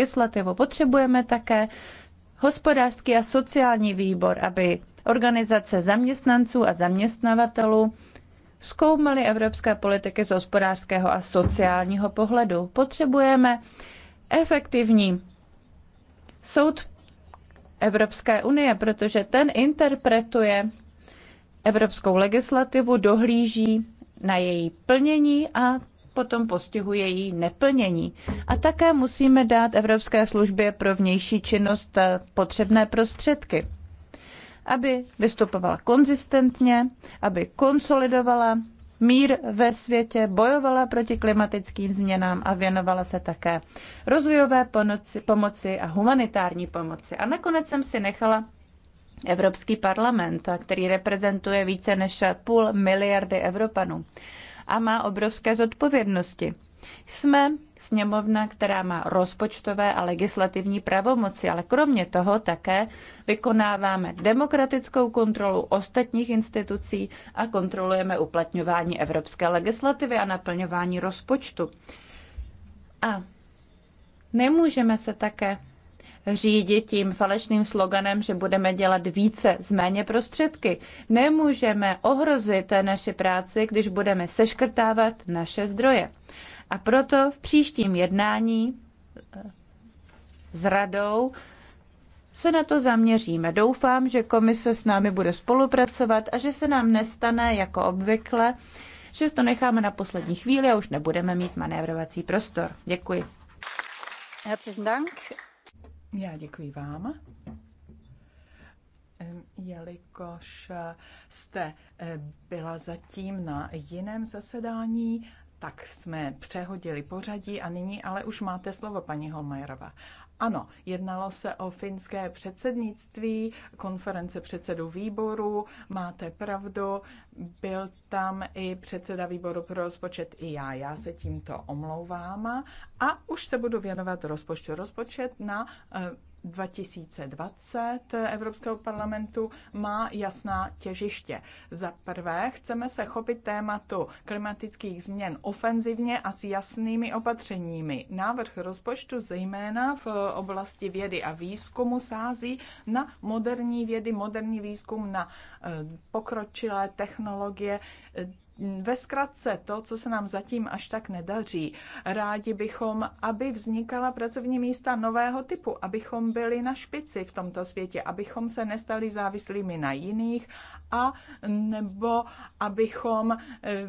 legislativu. Potřebujeme také hospodářský a sociální výbor, aby organizace zaměstnanců a zaměstnavatelů zkoumaly evropské politiky z hospodářského a sociálního pohledu. Potřebujeme efektivní soud Evropské unie, protože ten interpretuje evropskou legislativu, dohlíží na její plnění a potom postihuje její neplnění. A také musíme dát Evropské službě pro vnější činnost eh, potřebné prostředky, aby vystupovala konzistentně, aby konsolidovala mír ve světě, bojovala proti klimatickým změnám a věnovala se také rozvojové pomoci, pomoci a humanitární pomoci. A nakonec jsem si nechala Evropský parlament, který reprezentuje více než půl miliardy Evropanů a má obrovské zodpovědnosti. Jsme sněmovna, která má rozpočtové a legislativní pravomoci, ale kromě toho také vykonáváme demokratickou kontrolu ostatních institucí a kontrolujeme uplatňování evropské legislativy a naplňování rozpočtu. A nemůžeme se také řídit tím falešným sloganem, že budeme dělat více z méně prostředky. Nemůžeme ohrozit naši práci, když budeme seškrtávat naše zdroje. A proto v příštím jednání eh, s radou se na to zaměříme. Doufám, že komise s námi bude spolupracovat a že se nám nestane jako obvykle, že to necháme na poslední chvíli a už nebudeme mít manévrovací prostor. Děkuji. Herzlichen Dank. Já děkuji vám. Jelikož eh, jste eh, byla zatím na jiném zasedání, tak jsme přehodili pořadí a nyní ale už máte slovo, paní Holmajerová. Ano, jednalo se o finské předsednictví, konference předsedů výboru, máte pravdu, byl tam i předseda výboru pro rozpočet i já, já se tímto omlouvám a už se budu věnovat rozpočtu. Rozpočet na eh, 2020 Evropského parlamentu má jasná těžiště. Za prvé, chceme se chopit tématu klimatických změn ofenzivně a s jasnými opatřeními. Návrh rozpočtu zejména v oblasti vědy a výzkumu sází na moderní vědy, moderní výzkum, na eh, pokročilé technologie, ve zkratce to, co se nám zatím až tak nedaří. Rádi bychom, aby vznikala pracovní místa nového typu, abychom byli na špici v tomto světě, abychom se nestali závislými na jiných a nebo abychom eh,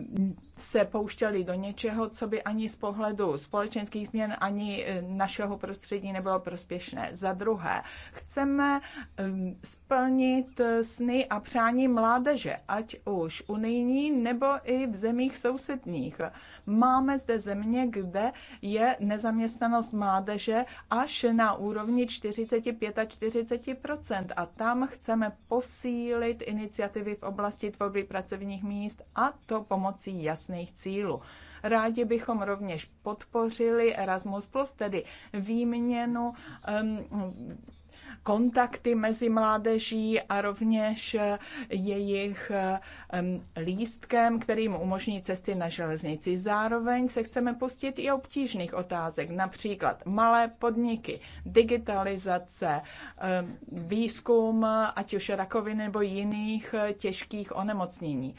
se pouštěli do něčeho, co by ani z pohledu společenských změn, ani eh, našeho prostředí nebylo prospěšné. Za druhé, chceme eh, splnit sny a přání mládeže, ať už unijní nebo i v zemích sousedních. Máme zde země, kde je nezaměstnanost mládeže až na úrovni 45 a 40 a tam chceme posílit iniciativy v oblasti tvorby pracovních míst a to pomocí jasných cílů. Rádi bychom rovněž podpořili Erasmus, tedy výměnu um, kontakty mezi mládeží a rovněž jejich lístkem, který jim umožní cesty na železnici. Zároveň se chceme pustit i obtížných otázek, například malé podniky, digitalizace, výzkum, ať už rakoviny nebo jiných eh, těžkých onemocnění.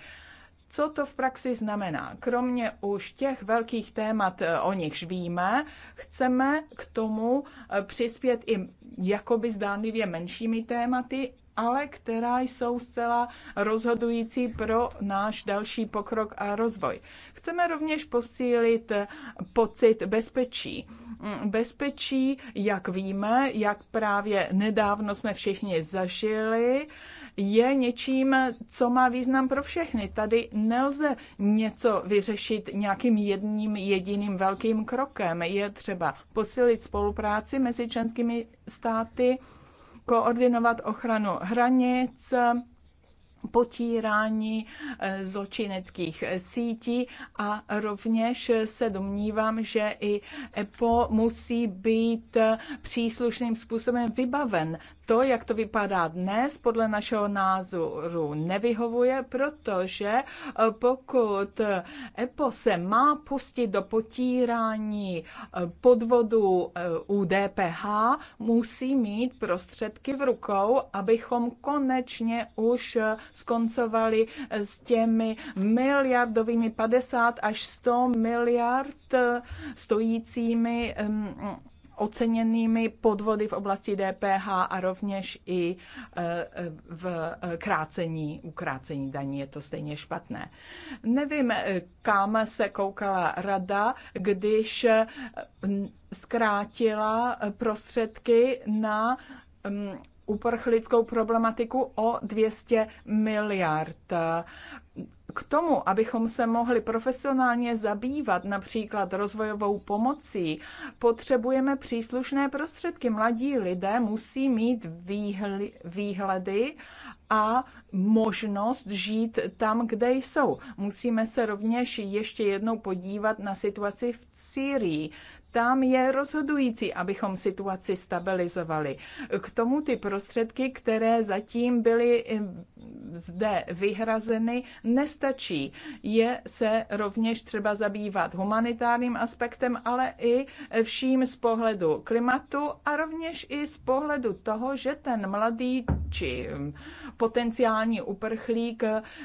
Co to v praxi znamená? Kromě už těch velkých témat, eh, o nichž víme, chceme k tomu eh, přispět i jakoby zdánlivě menšími tématy, ale která jsou zcela rozhodující pro náš další pokrok a rozvoj. Chceme rovněž posílit eh, pocit bezpečí. Mm, bezpečí, jak víme, jak právě nedávno jsme všichni zažili, je něčím, co má význam pro všechny. Tady nelze něco vyřešit nějakým jedním jediným velkým krokem. Je třeba posilit spolupráci mezi členskými státy, koordinovat ochranu hranic, potírání eh, zločineckých sítí a rovněž se domnívám, že i EPO musí být eh, příslušným způsobem vybaven to, jak to vypadá dnes, podle našeho názoru nevyhovuje, protože eh, pokud EPO eh, se má pustit do potírání eh, podvodu u DPH, musí mít prostředky v rukou, abychom konečně už skoncovali s těmi miliardovými 50 až 100 miliard stojícími oceněnými podvody v oblasti DPH a rovněž i e, e, v e, krácení, ukrácení daní je to stejně špatné. Nevím, kam se koukala rada, když zkrátila prostředky na uprchlickou problematiku o 200 miliard k tomu, abychom se mohli profesionálně zabývat například rozvojovou pomocí, potřebujeme příslušné prostředky. Mladí lidé musí mít výhledy a možnost žít tam, kde jsou. Musíme se rovněž ještě jednou podívat na situaci v Syrii tam je rozhodující, abychom situaci stabilizovali. K tomu ty prostředky, které zatím byly eh, zde vyhrazeny, nestačí. Je se rovněž třeba zabývat humanitárním aspektem, ale i vším z pohledu klimatu a rovněž i z pohledu toho, že ten mladý či eh, potenciální uprchlík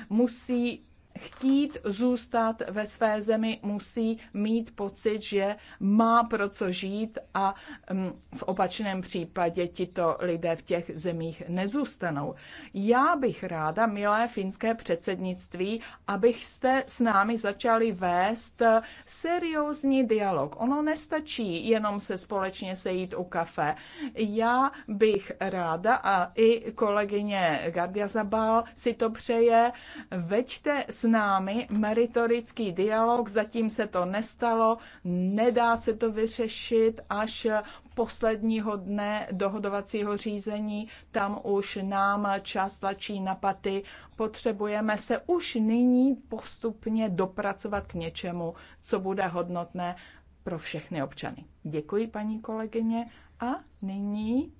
musí chtít zůstat ve své zemi, musí mít pocit, že má pro co žít a mm, v opačném případě tito lidé v těch zemích nezůstanou. Já bych ráda, milé finské předsednictví, abyste s námi začali vést seriózní dialog. Ono nestačí jenom se společně sejít u kafe. Já bych ráda a i kolegyně Gardia Zabal si to přeje, veďte s námi meritorický dialog, zatím se to nestalo, nedá se to vyřešit až posledního dne dohodovacího řízení, tam už nám čas tlačí na paty, potřebujeme se už nyní postupně dopracovat k něčemu, co bude hodnotné pro všechny občany. Děkuji, paní kolegyně, a nyní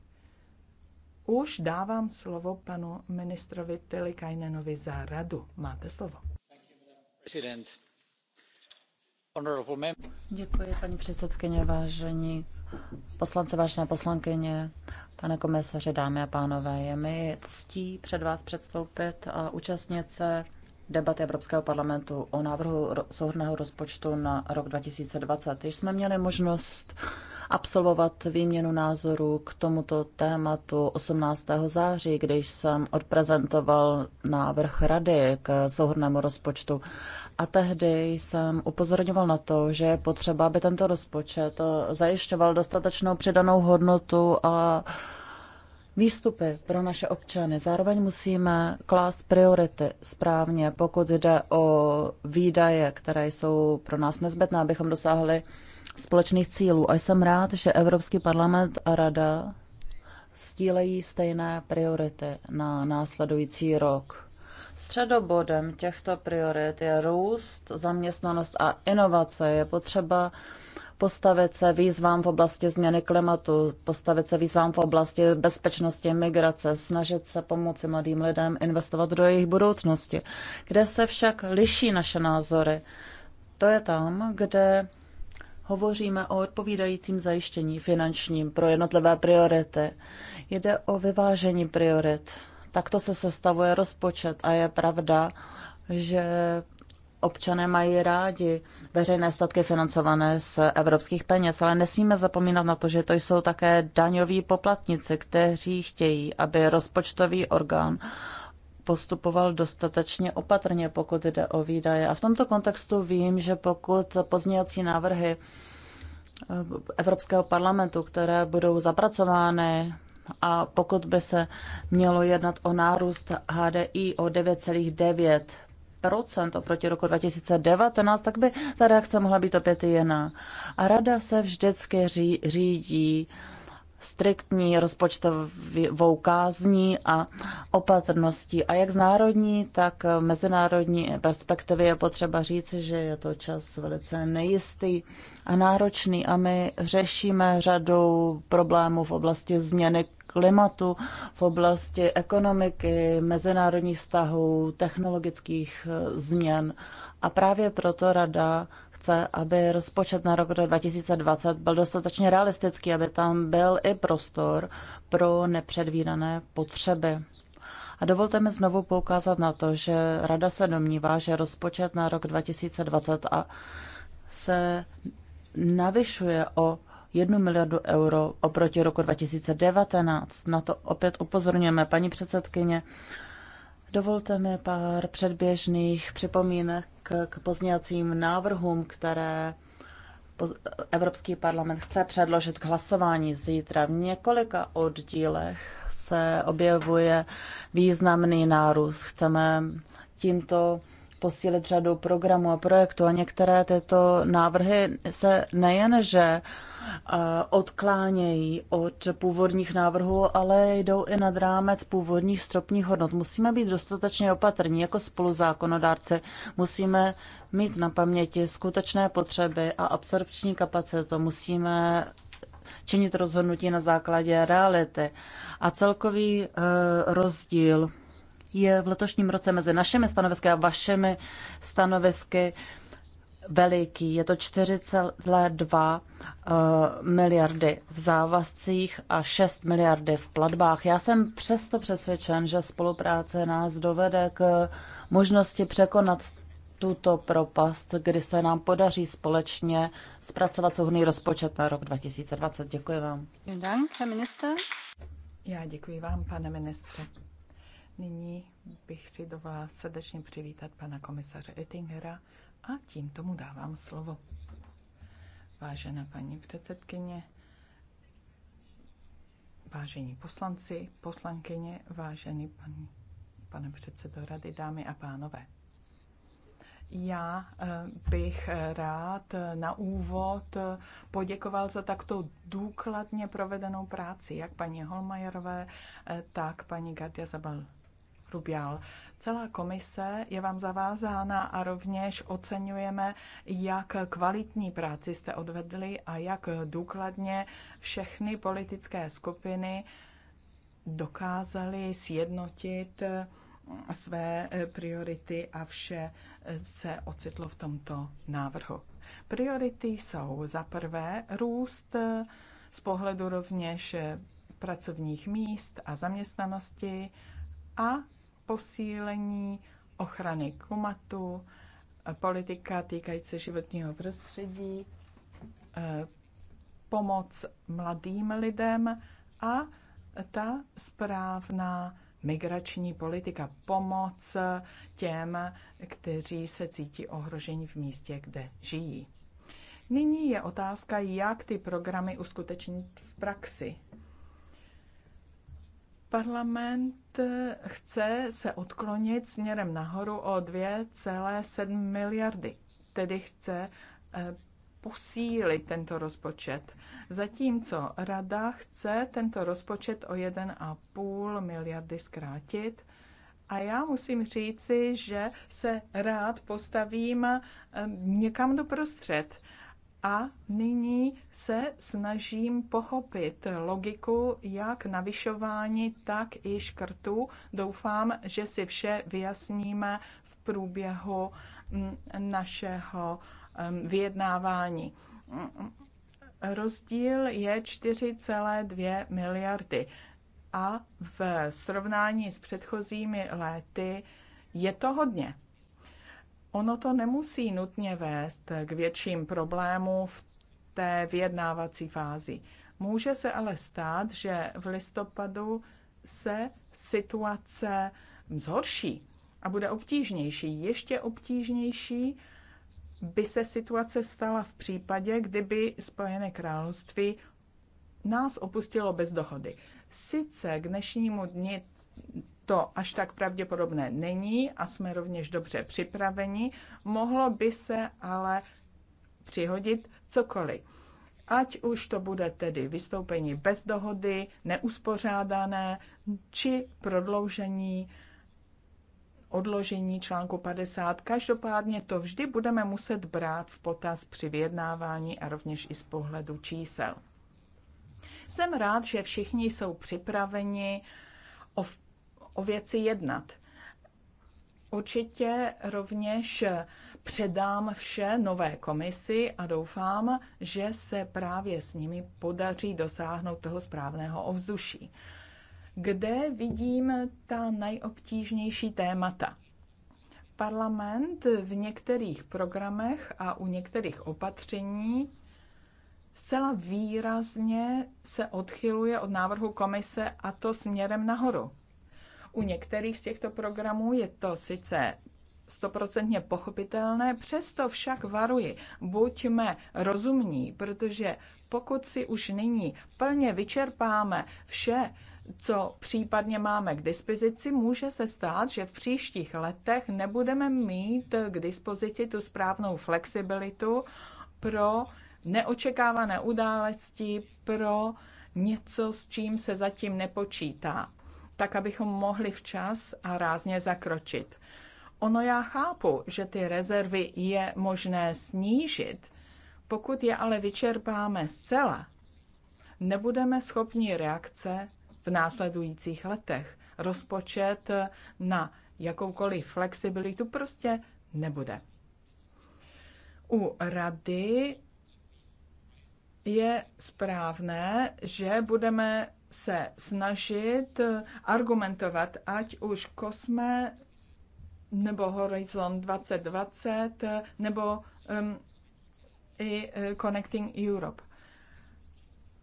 už dávám slovo panu ministrovi Telikajnenovi za radu. Máte slovo. Děkuji, paní předsedkyně, vážení poslance, vážené poslankyně, pane komisaři, dámy a pánové. Je mi ctí před vás předstoupit a účastnit se debaty Evropského parlamentu o návrhu souhrného rozpočtu na rok 2020. Již jsme měli možnost absolvovat výměnu názorů k tomuto tématu 18. září, když jsem odprezentoval návrh rady k souhrnému rozpočtu. A tehdy jsem upozorňoval na to, že je potřeba, aby tento rozpočet zajišťoval dostatečnou přidanou hodnotu a výstupy pro naše občany. Zároveň musíme klást priority správně, pokud jde o výdaje, které jsou pro nás nezbytné, abychom dosáhli společných cílů. A jsem rád, že Evropský parlament a Rada stílejí stejné priority na následující rok. Středobodem těchto priorit je růst, zaměstnanost a inovace. Je potřeba postavit se výzvám v oblasti změny klimatu, postavit se výzvám v oblasti bezpečnosti, migrace, snažit se pomoci mladým lidem investovat do jejich budoucnosti. Kde se však liší naše názory? To je tam, kde hovoříme o odpovídajícím zajištění finančním pro jednotlivé priority. Jde o vyvážení priorit. Takto se sestavuje rozpočet a je pravda, že občané mají rádi veřejné statky financované z evropských peněz, ale nesmíme zapomínat na to, že to jsou také daňoví poplatníci, kteří chtějí, aby rozpočtový orgán postupoval dostatečně opatrně, pokud jde o výdaje. A v tomto kontextu vím, že pokud pozměňovací návrhy eh, Evropského parlamentu, které budou zapracovány a pokud by se mělo jednat o nárůst HDI o 9,9 oproti roku 2019, tak by ta reakce mohla být opět jiná. A rada se vždycky řídí striktní rozpočtovou kázní a opatrností. A jak z národní, tak mezinárodní perspektivy je potřeba říct, že je to čas velice nejistý a náročný a my řešíme řadu problémů v oblasti změny klimatu, v oblasti ekonomiky, mezinárodních vztahů, technologických změn. A právě proto Rada chce, aby rozpočet na rok 2020 byl dostatečně realistický, aby tam byl i prostor pro nepředvídané potřeby. A dovolte mi znovu poukázat na to, že Rada se domnívá, že rozpočet na rok 2020 a se navyšuje o 1 miliardu euro oproti roku 2019. Na to opět upozorňujeme. Paní předsedkyně, Dovolte mi pár předběžných připomínek k pozměňovacím návrhům, které Evropský parlament chce předložit k hlasování zítra. V několika oddílech se objevuje významný nárůst. Chceme tímto posílit řadu programů a projektů a některé tyto návrhy se nejenže eh, odklánějí od původních návrhů, ale jdou i nad rámec původních stropních hodnot. Musíme být dostatečně opatrní jako spoluzákonodárci. Musíme mít na paměti skutečné potřeby a absorpční kapacitu. Musíme činit rozhodnutí na základě reality. A celkový eh, rozdíl je v letošním roce mezi našimi stanovisky a vašimi stanovisky veliký. Je to 4,2 eh, miliardy v závazcích a 6 miliardy v platbách. Já jsem přesto přesvědčen, že spolupráce nás dovede k možnosti překonat tuto propast, kdy se nám podaří společně zpracovat souhrný rozpočet na rok 2020. Děkuji vám. Dank, Herr Minister. Já děkuji vám, pane ministře. Nyní bych si dovolila srdečně přivítat pana komisaře Ettingera a tím tomu dávám slovo. Vážená paní předsedkyně, vážení poslanci, poslankyně, vážený paní, pane předsedo rady, dámy a pánové. Já eh, bych eh, rád eh, na úvod poděkoval za takto důkladně provedenou práci, jak paní Holmajerové, tak paní Gardia Zabal Rubial. Celá komise je vám zavázána a rovněž oceňujeme, jak kvalitní práci jste odvedli a jak důkladně všechny politické skupiny dokázaly sjednotit své priority a vše se ocitlo v tomto návrhu. Priority jsou za prvé růst z pohledu rovněž pracovních míst a zaměstnanosti a posílení ochrany klimatu, eh, politika týkající se životního prostředí, eh, pomoc mladým lidem a ta správná migrační politika, pomoc těm, kteří se cítí ohroženi v místě, kde žijí. Nyní je otázka, jak ty programy uskutečnit v praxi. Parlament eh, chce se odklonit směrem nahoru o 2,7 miliardy, tedy chce eh, posílit tento rozpočet. Zatímco Rada chce tento rozpočet o 1,5 miliardy zkrátit. A já musím říci, že se rád postavím eh, někam do prostřed. A nyní se snažím pochopit logiku jak navyšování, tak i škrtů. Doufám, že si vše vyjasníme v průběhu mm, našeho mm, vyjednávání. Rozdíl je 4,2 miliardy a v srovnání s předchozími léty je to hodně. Ono to nemusí nutně vést k větším problémům v té vyjednávací fázi. Může se ale stát, že v listopadu se situace zhorší a bude obtížnější. Ještě obtížnější by se situace stala v případě, kdyby Spojené království nás opustilo bez dohody. Sice k dnešnímu dni to až tak pravděpodobné není a jsme rovněž dobře připraveni. Mohlo by se ale přihodit cokoliv. Ať už to bude tedy vystoupení bez dohody, neuspořádané, či prodloužení odložení článku 50. Každopádně to vždy budeme muset brát v potaz při vyjednávání a rovněž i z pohledu čísel. Jsem rád, že všichni jsou připraveni o o věci jednat. Určitě rovněž předám vše nové komisi a doufám, že se právě s nimi podaří dosáhnout toho správného ovzduší. Kde vidím ta nejobtížnější témata? Parlament v některých programech a u některých opatření zcela výrazně se odchyluje od návrhu komise a to směrem nahoru u některých z těchto programů je to sice stoprocentně pochopitelné, přesto však varuji, buďme rozumní, protože pokud si už nyní plně vyčerpáme vše, co případně máme k dispozici, může se stát, že v příštích letech nebudeme mít k dispozici tu správnou flexibilitu pro neočekávané události, pro něco, s čím se zatím nepočítá tak abychom mohli včas a rázně zakročit. Ono já chápu, že ty rezervy je možné snížit, pokud je ale vyčerpáme zcela, nebudeme schopni reakce v následujících letech. Rozpočet na jakoukoliv flexibilitu prostě nebude. U rady je správné, že budeme se snažit eh, argumentovat, ať už Kosme nebo Horizon 2020 eh, nebo um, i eh, Connecting Europe.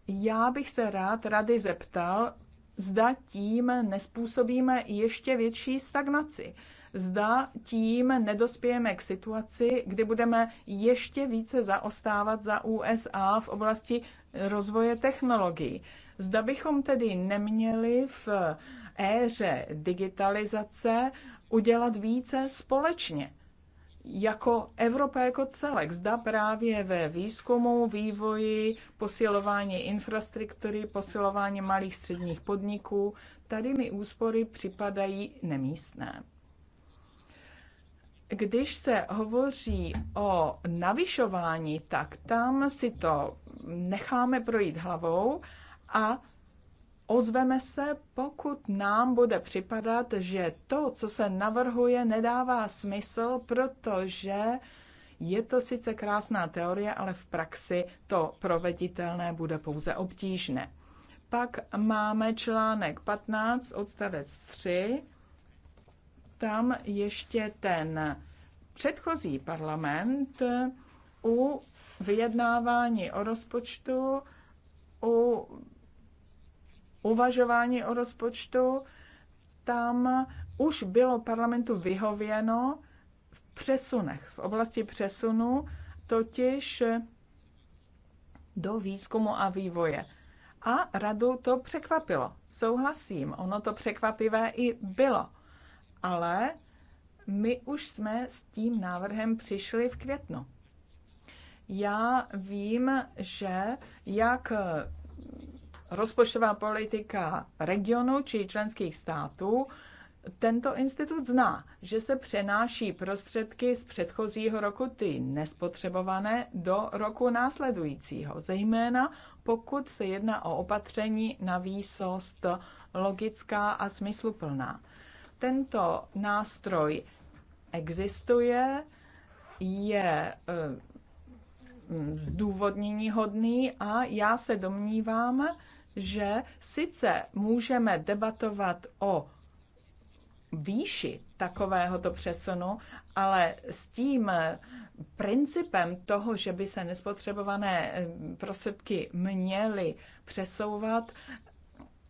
Já bych se rád rady zeptal, zda tím nespůsobíme ještě větší stagnaci. Zda tím nedospějeme k situaci, kdy budeme ještě více zaostávat za USA v oblasti rozvoje technologií. Zda bychom tedy neměli v éře digitalizace udělat více společně, jako Evropa jako celek. Zda právě ve výzkumu, vývoji, posilování infrastruktury, posilování malých středních podniků, tady mi úspory připadají nemístné. Když se hovoří o navyšování, tak tam si to necháme projít hlavou a ozveme se, pokud nám bude připadat, že to, co se navrhuje, nedává smysl, protože je to sice krásná teorie, ale v praxi to proveditelné bude pouze obtížné. Pak máme článek 15, odstavec 3. Tam ještě ten předchozí parlament u vyjednávání o rozpočtu, u uvažování o rozpočtu, tam už bylo parlamentu vyhověno v přesunech, v oblasti přesunu, totiž do výzkumu a vývoje. A radu to překvapilo. Souhlasím, ono to překvapivé i bylo. Ale my už jsme s tím návrhem přišli v květnu. Já vím, že jak rozpočtová politika regionu či členských států, tento institut zná, že se přenáší prostředky z předchozího roku, ty nespotřebované, do roku následujícího, zejména pokud se jedná o opatření na výsost logická a smysluplná. Tento nástroj existuje, je eh, zdůvodnění hodný a já se domnívám, že sice můžeme debatovat o výši takovéhoto přesunu, ale s tím principem toho, že by se nespotřebované eh, prostředky měly přesouvat,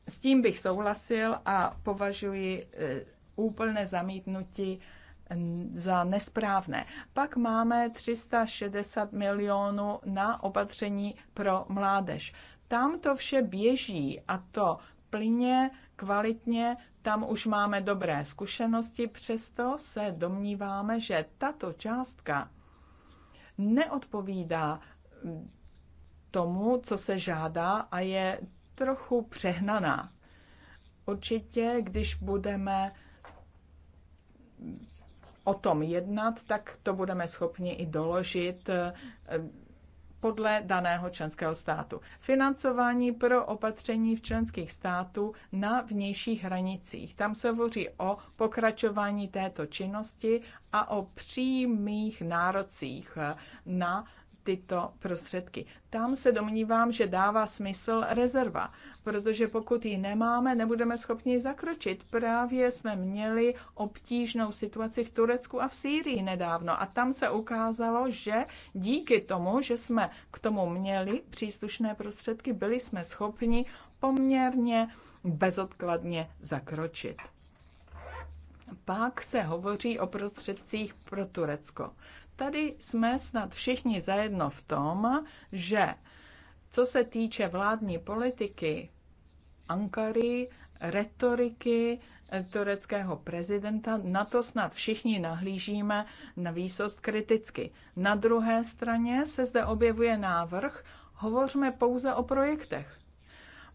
s tím bych souhlasil a považuji eh, úplné zamítnutí za nesprávné. Pak máme 360 milionů na opatření pro mládež. Tam to vše běží a to plyně, kvalitně, tam už máme dobré zkušenosti, přesto se domníváme, že tato částka neodpovídá mm, tomu, co se žádá a je trochu přehnaná. Určitě, když budeme o tom jednat, tak to budeme schopni i doložit mm, podle daného členského státu. Financování pro opatření v členských států na vnějších hranicích. Tam se hovoří o pokračování této činnosti a o přímých nárocích na tyto prostředky. Tam se domnívám, že dává smysl rezerva, protože pokud ji nemáme, nebudeme schopni zakročit. Právě jsme měli obtížnou situaci v Turecku a v Sýrii nedávno a tam se ukázalo, že díky tomu, že jsme k tomu měli příslušné prostředky, byli jsme schopni poměrně bezodkladně zakročit. Pak se hovoří o prostředcích pro Turecko. Tady jsme snad všichni zajedno v tom, že co se týče vládní politiky Ankary, retoriky eh, tureckého prezidenta, na to snad všichni nahlížíme na výsost kriticky. Na druhé straně se zde objevuje návrh, hovořme pouze o projektech.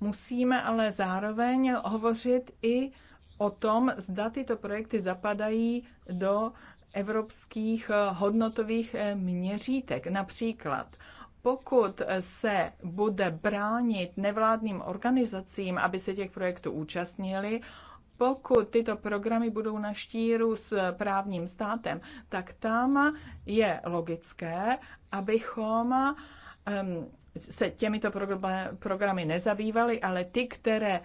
Musíme ale zároveň hovořit i o tom, zda tyto projekty zapadají do evropských eh, hodnotových eh, měřítek. Například pokud eh, se bude bránit nevládním organizacím, aby se těch projektů účastnili, pokud tyto programy budou na štíru s právním státem, tak tam je logické, abychom ehm, se těmito programy nezabývali, ale ty, které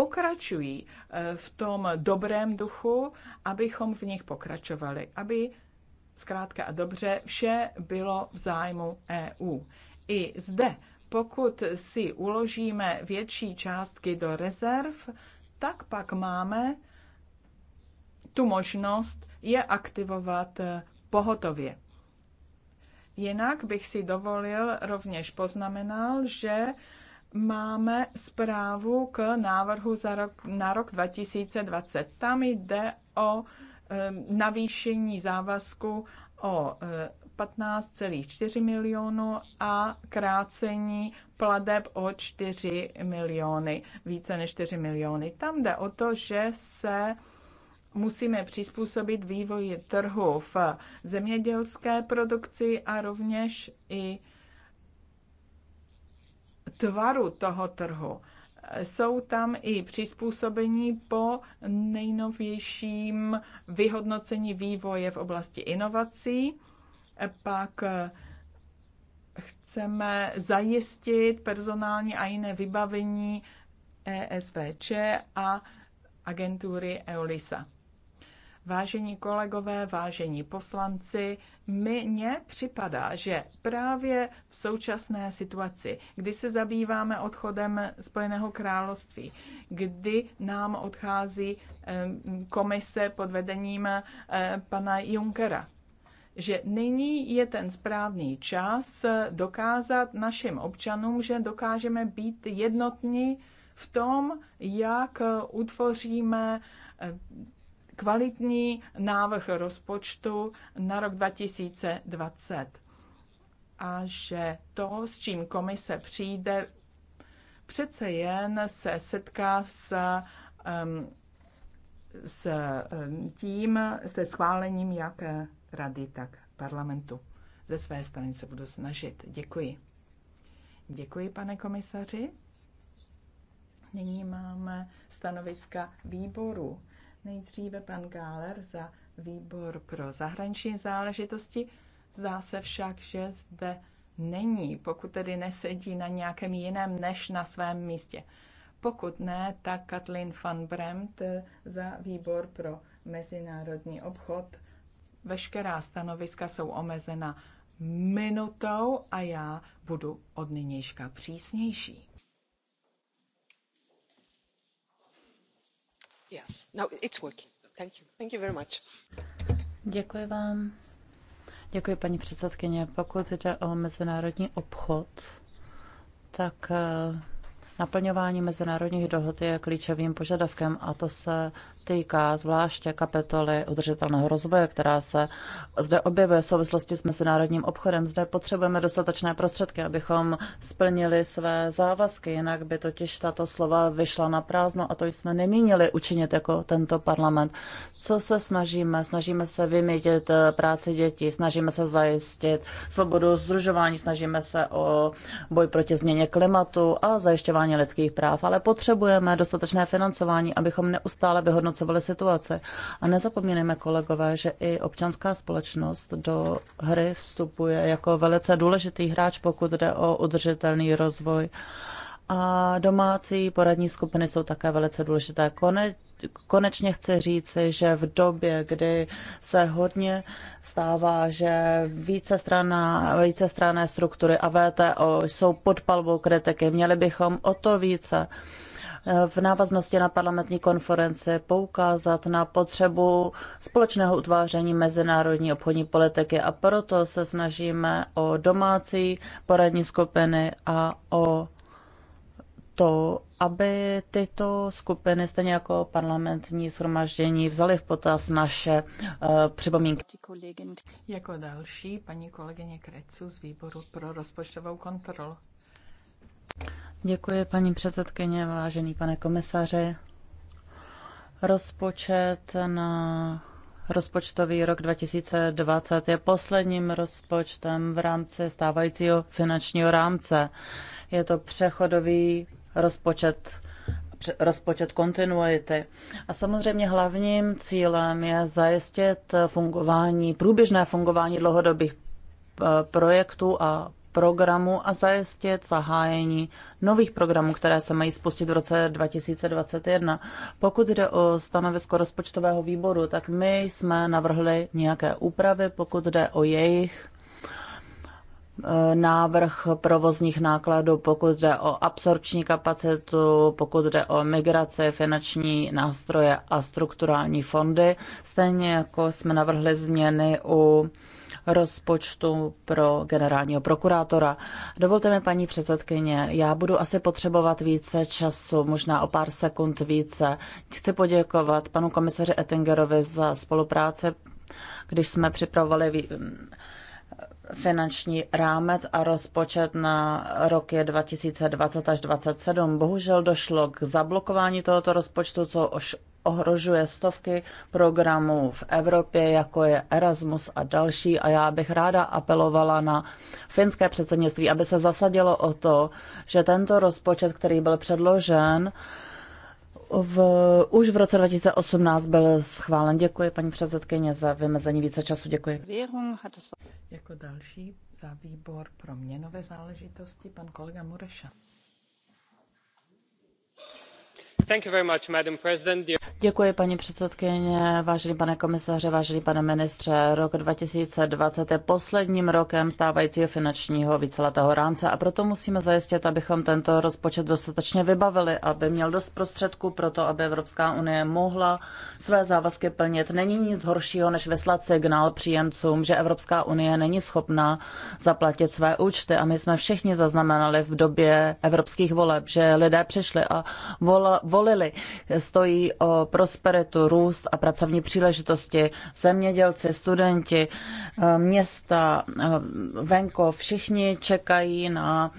pokračují eh, v tom dobrém duchu, abychom v nich pokračovali, aby zkrátka a dobře vše bylo v zájmu EU. I zde, pokud si uložíme větší částky do rezerv, tak pak máme tu možnost je aktivovat eh, pohotově. Jinak bych si dovolil rovněž poznamenal, že máme zprávu k návrhu za rok, na rok 2020. Tam jde o navýšení závazku o 15,4 milionu a krácení pladeb o 4 miliony, více než 4 miliony. Tam jde o to, že se musíme přizpůsobit vývoji trhu v zemědělské produkci a rovněž i tvaru toho trhu. Jsou tam i přizpůsobení po nejnovějším vyhodnocení vývoje v oblasti inovací. Pak eh, chceme zajistit personální a jiné vybavení ESVČ a agentury EOLISA. Vážení kolegové, vážení poslanci, mně připadá, že právě v současné situaci, kdy se zabýváme odchodem Spojeného království, kdy nám odchází komise pod vedením eh, pana Junckera, že nyní je ten správný čas eh, dokázat našim občanům, že dokážeme být jednotní v tom, jak eh, utvoříme kvalitní návrh rozpočtu na rok 2020 a že to, s čím komise přijde, přece jen se setká s, um, s tím, se schválením jak rady, tak parlamentu. Ze své strany se budu snažit. Děkuji. Děkuji, pane komisaři. Nyní máme stanoviska výboru. Nejdříve pan Gáler za výbor pro zahraniční záležitosti. Zdá se však, že zde není, pokud tedy nesedí na nějakém jiném než na svém místě. Pokud ne, tak Katlin van Bremt za výbor pro mezinárodní obchod. Veškerá stanoviska jsou omezena minutou a já budu od nynějška přísnější. Děkuji vám. Děkuji, paní předsedkyně. Pokud jde o mezinárodní obchod, tak eh, naplňování mezinárodních dohod je klíčovým požadavkem a to se týká zvláště kapitoly udržitelného rozvoje, která se zde objevuje v souvislosti s mezinárodním obchodem. Zde potřebujeme dostatečné prostředky, abychom splnili své závazky, jinak by totiž tato slova vyšla na prázdno a to jsme nemínili učinit jako tento parlament. Co se snažíme? Snažíme se vymědět eh, práci dětí, snažíme se zajistit svobodu združování, snažíme se o boj proti změně klimatu a zajišťování lidských práv, ale potřebujeme dostatečné financování, abychom neustále vyhodnotili vyhodnocovali situace. A nezapomínejme, kolegové, že i občanská společnost do hry vstupuje jako velice důležitý hráč, pokud jde o udržitelný rozvoj. A domácí poradní skupiny jsou také velice důležité. konečně chci říci, že v době, kdy se hodně stává, že více strana, více strané struktury a VTO jsou pod palbou kritiky, měli bychom o to více v návaznosti na parlamentní konferenci poukázat na potřebu společného utváření mezinárodní obchodní politiky a proto se snažíme o domácí poradní skupiny a o to, aby tyto skupiny, stejně jako parlamentní shromaždění, vzali v potaz naše uh, připomínky. Jako další paní kolegyně Krecu z výboru pro rozpočtovou kontrolu. Děkuji, paní předsedkyně, vážený pane komisaři. Rozpočet na rozpočtový rok 2020 je posledním rozpočtem v rámci stávajícího finančního rámce. Je to přechodový rozpočet rozpočet kontinuity. A samozřejmě hlavním cílem je zajistit fungování, průběžné fungování dlouhodobých eh, projektů a programu a zajistit zahájení nových programů, které se mají spustit v roce 2021. Pokud jde o stanovisko rozpočtového výboru, tak my jsme navrhli nějaké úpravy, pokud jde o jejich e, návrh provozních nákladů, pokud jde o absorpční kapacitu, pokud jde o migraci, finanční nástroje a strukturální fondy. Stejně jako jsme navrhli změny u rozpočtu pro generálního prokurátora. Dovolte mi, paní předsedkyně, já budu asi potřebovat více času, možná o pár sekund více. Chci poděkovat panu komisaři Ettingerovi za spolupráci, když jsme připravovali mm, finanční rámec a rozpočet na roky 2020 až 2027. Bohužel došlo k zablokování tohoto rozpočtu, už ohrožuje stovky programů v Evropě, jako je Erasmus a další. A já bych ráda apelovala na finské předsednictví, aby se zasadilo o to, že tento rozpočet, který byl předložen, v, už v roce 2018 byl schválen. Děkuji, paní předsedkyně, za vymezení více času. Děkuji. Jako další za výbor pro měnové záležitosti pan kolega Mureša. Děkuji, paní předsedkyně, vážený pane komisaře, vážený pane ministře. Rok 2020 je posledním rokem stávajícího finančního víceletého rámce a proto musíme zajistit, abychom tento rozpočet dostatečně vybavili, aby měl dost prostředků pro to, aby Evropská unie mohla své závazky plnit. Není nic horšího, než vyslat signál příjemcům, že Evropská unie není schopná zaplatit své účty a my jsme všichni zaznamenali v době evropských voleb, že lidé přišli a volali volili. Stojí o prosperitu, růst a pracovní příležitosti. Zemědělci, studenti, města, venkov, všichni čekají na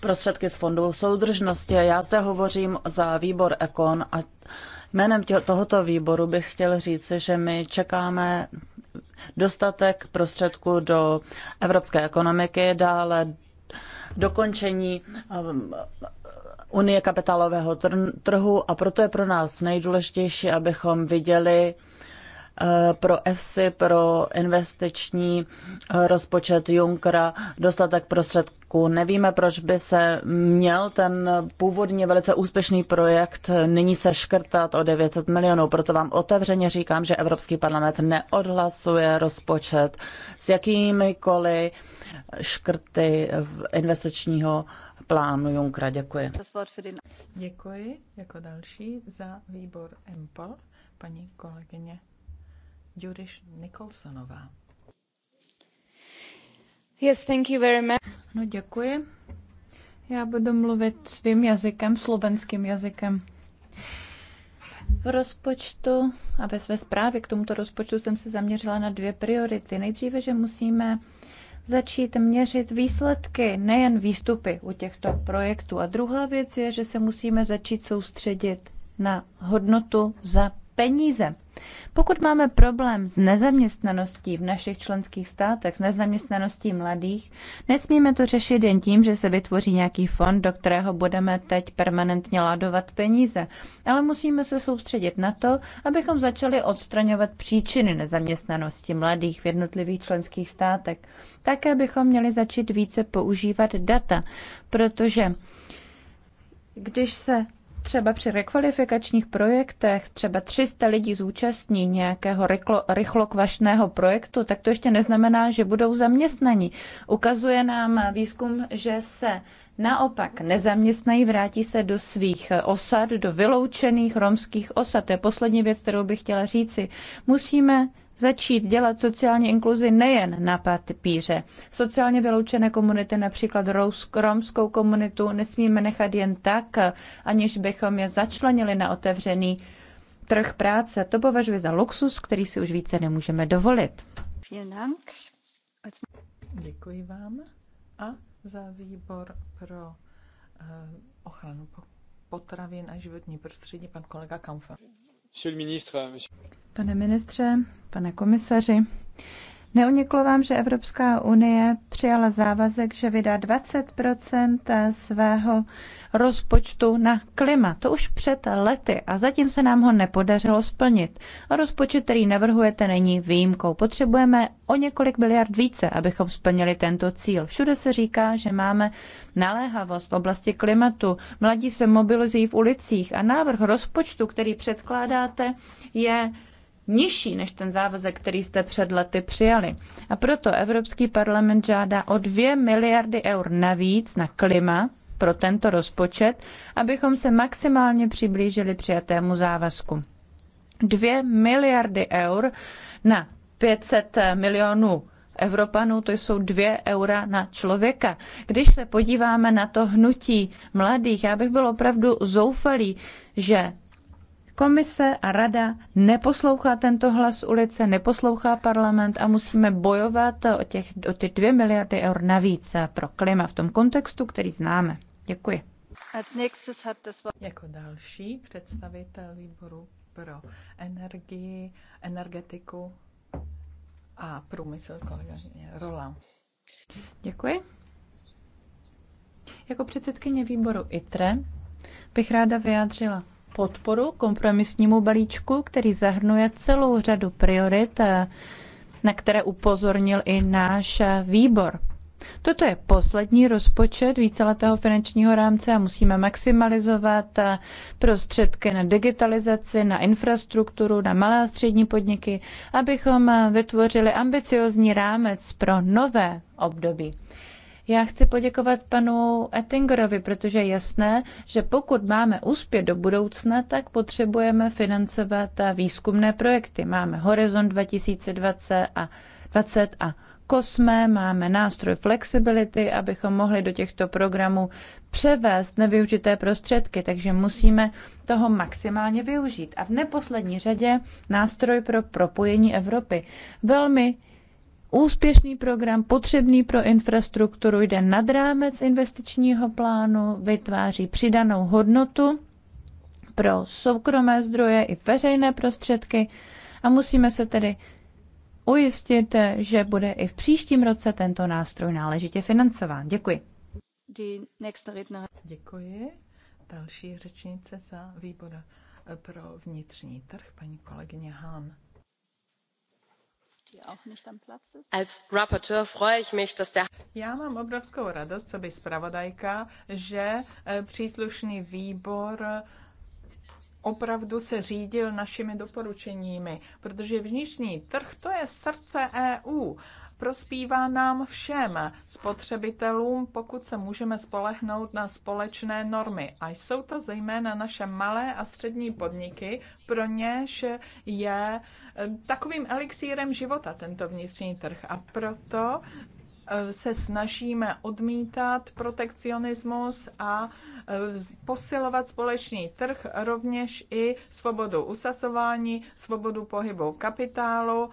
prostředky z fondu soudržnosti. Já zde hovořím za výbor Ekon a jménem tohoto výboru bych chtěl říct, že my čekáme dostatek prostředků do evropské ekonomiky, dále dokončení um, unie kapitálového trhu a proto je pro nás nejdůležitější, abychom viděli eh, pro EFSI, pro investiční eh, rozpočet Junkra dostatek prostředků. Nevíme, proč by se měl ten původně velice úspěšný projekt nyní se škrtat o 900 milionů. Proto vám otevřeně říkám, že Evropský parlament neodhlasuje rozpočet s jakýmikoliv škrty investičního plánu Junkra. Děkuji. Děkuji jako další za výbor EMPOL paní kolegyně Juriš Nikolsonová. Yes, thank you very much. No děkuji. Já budu mluvit svým jazykem, slovenským jazykem. V rozpočtu a ve své zprávě k tomuto rozpočtu jsem se zaměřila na dvě priority. Nejdříve, že musíme začít měřit výsledky, nejen výstupy u těchto projektů. A druhá věc je, že se musíme začít soustředit na hodnotu za peníze. Pokud máme problém s nezaměstnaností v našich členských státech, s nezaměstnaností mladých, nesmíme to řešit jen tím, že se vytvoří nějaký fond, do kterého budeme teď permanentně ladovat peníze, ale musíme se soustředit na to, abychom začali odstraňovat příčiny nezaměstnanosti mladých v jednotlivých členských státech. Také bychom měli začít více používat data, protože když se třeba při rekvalifikačních projektech třeba 300 lidí zúčastní nějakého rychlo, rychlokvašného projektu, tak to ještě neznamená, že budou zaměstnaní. Ukazuje nám výzkum, že se naopak nezaměstnají, vrátí se do svých osad, do vyloučených romských osad. To je poslední věc, kterou bych chtěla říci. Musíme začít dělat sociální inkluzi nejen na papíře. Sociálně vyloučené komunity, například romskou komunitu, nesmíme nechat jen tak, aniž bychom je začlenili na otevřený trh práce. To považuji za luxus, který si už více nemůžeme dovolit. Děkuji vám a za výbor pro eh, ochranu potravin a životní prostředí pan kolega Kamfa. Pane ministře, pane komisaři, Neuniklo vám, že Evropská unie přijala závazek, že vydá 20 svého rozpočtu na klima. To už před lety a zatím se nám ho nepodařilo splnit. A rozpočet, který navrhujete, není výjimkou. Potřebujeme o několik miliard více, abychom splnili tento cíl. Všude se říká, že máme naléhavost v oblasti klimatu. Mladí se mobilizují v ulicích a návrh rozpočtu, který předkládáte, je nižší než ten závazek, který jste před lety přijali. A proto Evropský parlament žádá o 2 miliardy eur navíc na klima pro tento rozpočet, abychom se maximálně přiblížili přijatému závazku. 2 miliardy eur na 500 milionů Evropanů, to jsou 2 eura na člověka. Když se podíváme na to hnutí mladých, já bych byl opravdu zoufalý, že Komise a rada neposlouchá tento hlas ulice, neposlouchá parlament a musíme bojovat o, těch, o ty dvě miliardy eur navíc pro klima v tom kontextu, který známe. Děkuji. Jako další představitel výboru pro energii, energetiku a průmysl kolega Rola. Děkuji. Jako předsedkyně výboru ITRE bych ráda vyjádřila podporu kompromisnímu balíčku, který zahrnuje celou řadu priorit, eh, na které upozornil i náš eh, výbor. Toto je poslední rozpočet víceletého finančního rámce a musíme maximalizovat eh, prostředky na digitalizaci, na infrastrukturu, na malé a střední podniky, abychom vytvořili ambiciozní rámec pro nové období. Já chci poděkovat panu Ettingerovi, protože je jasné, že pokud máme úspěch do budoucna, tak potřebujeme financovat výzkumné projekty. Máme Horizon 2020 a 20 a Kosme, máme nástroj flexibility, abychom mohli do těchto programů převést nevyužité prostředky, takže musíme toho maximálně využít. A v neposlední řadě nástroj pro propojení Evropy. Velmi úspěšný program, potřebný pro infrastrukturu, jde nad rámec investičního plánu, vytváří přidanou hodnotu pro soukromé zdroje i veřejné prostředky a musíme se tedy ujistit, že bude i v příštím roce tento nástroj náležitě financován. Děkuji. Děkuji. Další řečnice za výbor pro vnitřní trh, paní kolegyně Hahn. Já mám obrovskou radost, coby zpravodajka, že eh, příslušný výbor eh, opravdu se řídil našimi doporučeními, protože vnitřní trh to je srdce EU prospívá nám všem, spotřebitelům, pokud se můžeme spolehnout na společné normy. A jsou to zejména naše malé a střední podniky, pro něž je eh, takovým elixírem života tento vnitřní trh. A proto eh, se snažíme odmítat protekcionismus a eh, posilovat společný trh, rovněž i svobodu usazování, svobodu pohybu kapitálu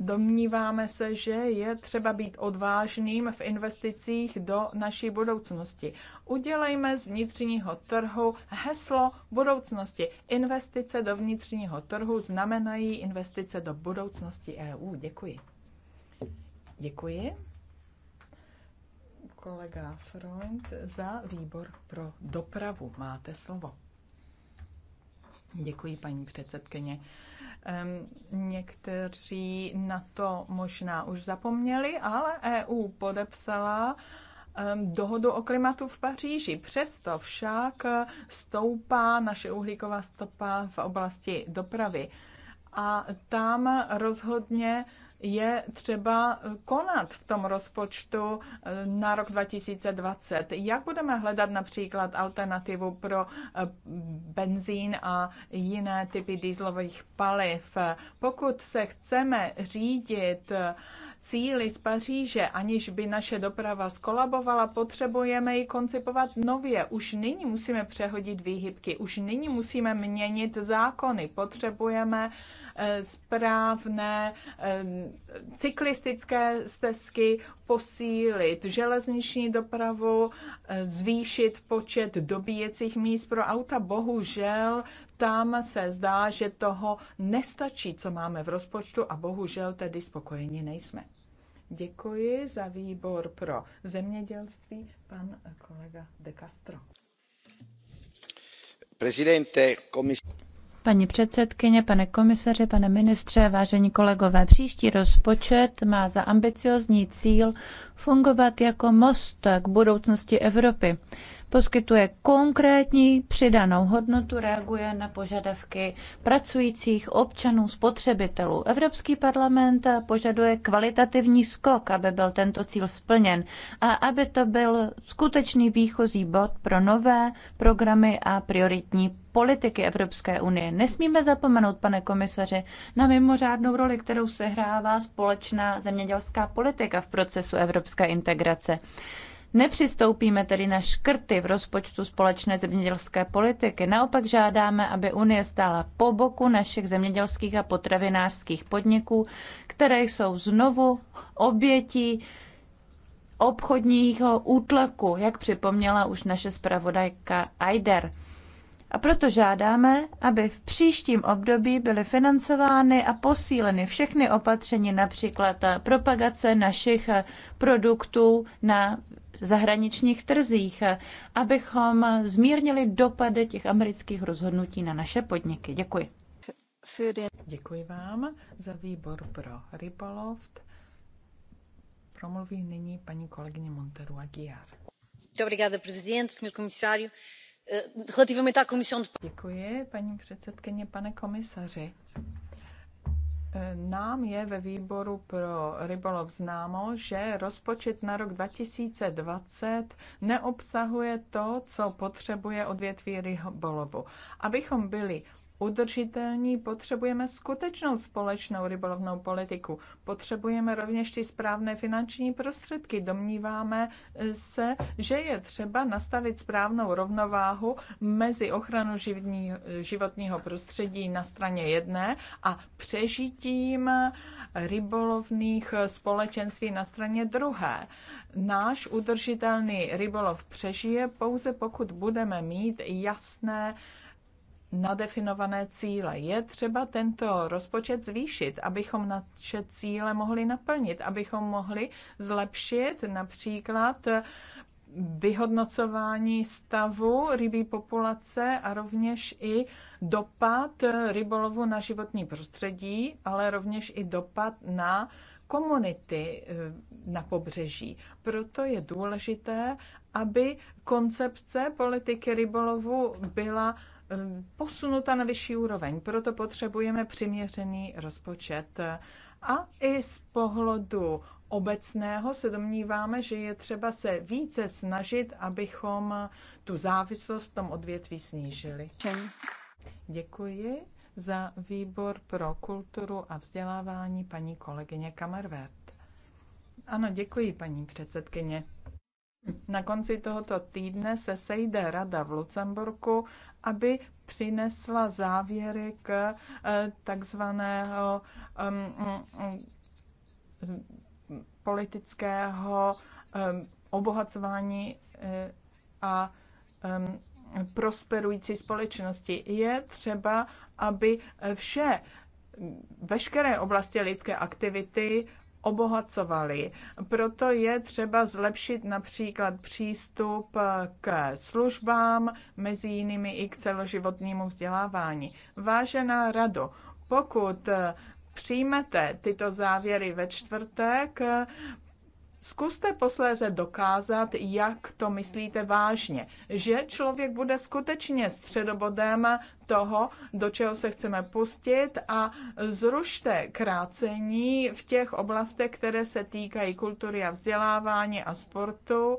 Domníváme se, že je třeba být odvážným v investicích do naší budoucnosti. Udělejme z vnitřního trhu heslo budoucnosti. Investice do vnitřního trhu znamenají investice do budoucnosti EU. Děkuji. Děkuji. Kolega Freund za výbor pro dopravu. Máte slovo. Děkuji, paní předsedkyně. Někteří na to možná už zapomněli, ale EU podepsala dohodu o klimatu v Paříži. Přesto však stoupá naše uhlíková stopa v oblasti dopravy. A tam rozhodně je třeba eh, konat v tom rozpočtu eh, na rok 2020. Jak budeme hledat například alternativu pro eh, benzín a jiné typy dýzlových paliv? Pokud se chceme řídit cíli z Paříže, aniž by naše doprava skolabovala, potřebujeme ji koncipovat nově. Už nyní musíme přehodit výhybky, už nyní musíme měnit zákony, potřebujeme eh, správné eh, cyklistické stezky, posílit železniční dopravu, eh, zvýšit počet dobíjecích míst pro auta. Bohužel tam se zdá, že toho nestačí, co máme v rozpočtu a bohužel tedy spokojeni nejsme. Děkuji za výbor pro zemědělství, pan kolega De Castro. Prezidente, komis... Paní předsedkyně, pane komisaři, pane ministře, vážení kolegové, příští rozpočet má za ambiciozní cíl fungovat jako most k budoucnosti Evropy poskytuje konkrétní přidanou hodnotu, reaguje na požadavky pracujících občanů, spotřebitelů. Evropský parlament požaduje kvalitativní skok, aby byl tento cíl splněn a aby to byl skutečný výchozí bod pro nové programy a prioritní politiky Evropské unie. Nesmíme zapomenout, pane komisaři, na mimořádnou roli, kterou sehrává společná zemědělská politika v procesu evropské integrace. Nepřistoupíme tedy na škrty v rozpočtu společné zemědělské politiky. Naopak žádáme, aby Unie stála po boku našich zemědělských a potravinářských podniků, které jsou znovu obětí obchodního útlaku, jak připomněla už naše zpravodajka Aider. A proto žádáme, aby v příštím období byly financovány a posíleny všechny opatření, například propagace našich produktů na zahraničních trzích, abychom zmírnili dopady těch amerických rozhodnutí na naše podniky. Děkuji. Děkuji vám za výbor pro rybolov. Promluví nyní paní kolegyně Monteru Aguiar. Dobrý den, prezident, komisáři. Eh, relativamente à de... Děkuji, paní předsedkyně, pane komisaři. Eh, nám je ve výboru pro rybolov známo, že rozpočet na rok 2020 neobsahuje to, co potřebuje odvětví rybolovu. Abychom byli udržitelní, potřebujeme skutečnou společnou rybolovnou politiku. Potřebujeme rovněž ty správné finanční prostředky. Domníváme se, že je třeba nastavit správnou rovnováhu mezi ochranu živní, životního prostředí na straně jedné a přežitím rybolovných společenství na straně druhé. Náš udržitelný rybolov přežije pouze pokud budeme mít jasné nadefinované cíle. Je třeba tento rozpočet zvýšit, abychom naše cíle mohli naplnit, abychom mohli zlepšit například vyhodnocování stavu rybí populace a rovněž i dopad rybolovu na životní prostředí, ale rovněž i dopad na komunity eh, na pobřeží. Proto je důležité, aby koncepce politiky rybolovu byla posunuta na vyšší úroveň. Proto potřebujeme přiměřený rozpočet. A i z pohledu obecného se domníváme, že je třeba se více snažit, abychom tu závislost v tom odvětví snížili. Děkuji za výbor pro kulturu a vzdělávání paní kolegyně Kamervert. Ano, děkuji, paní předsedkyně. Na konci tohoto týdne se sejde rada v Lucemburku, aby přinesla závěry k eh, takzvaného mm, mm, politického obohacování eh, a prosperující společnosti. Je třeba, aby vše, veškeré oblasti lidské aktivity obohacovali. Proto je třeba zlepšit například přístup k službám, mezi jinými i k celoživotnímu vzdělávání. Vážená Rado, pokud přijmete tyto závěry ve čtvrtek, Zkuste posléze dokázat, jak to myslíte vážně, že člověk bude skutečně středobodem toho, do čeho se chceme pustit a zrušte krácení v těch oblastech, které se týkají kultury a vzdělávání a sportu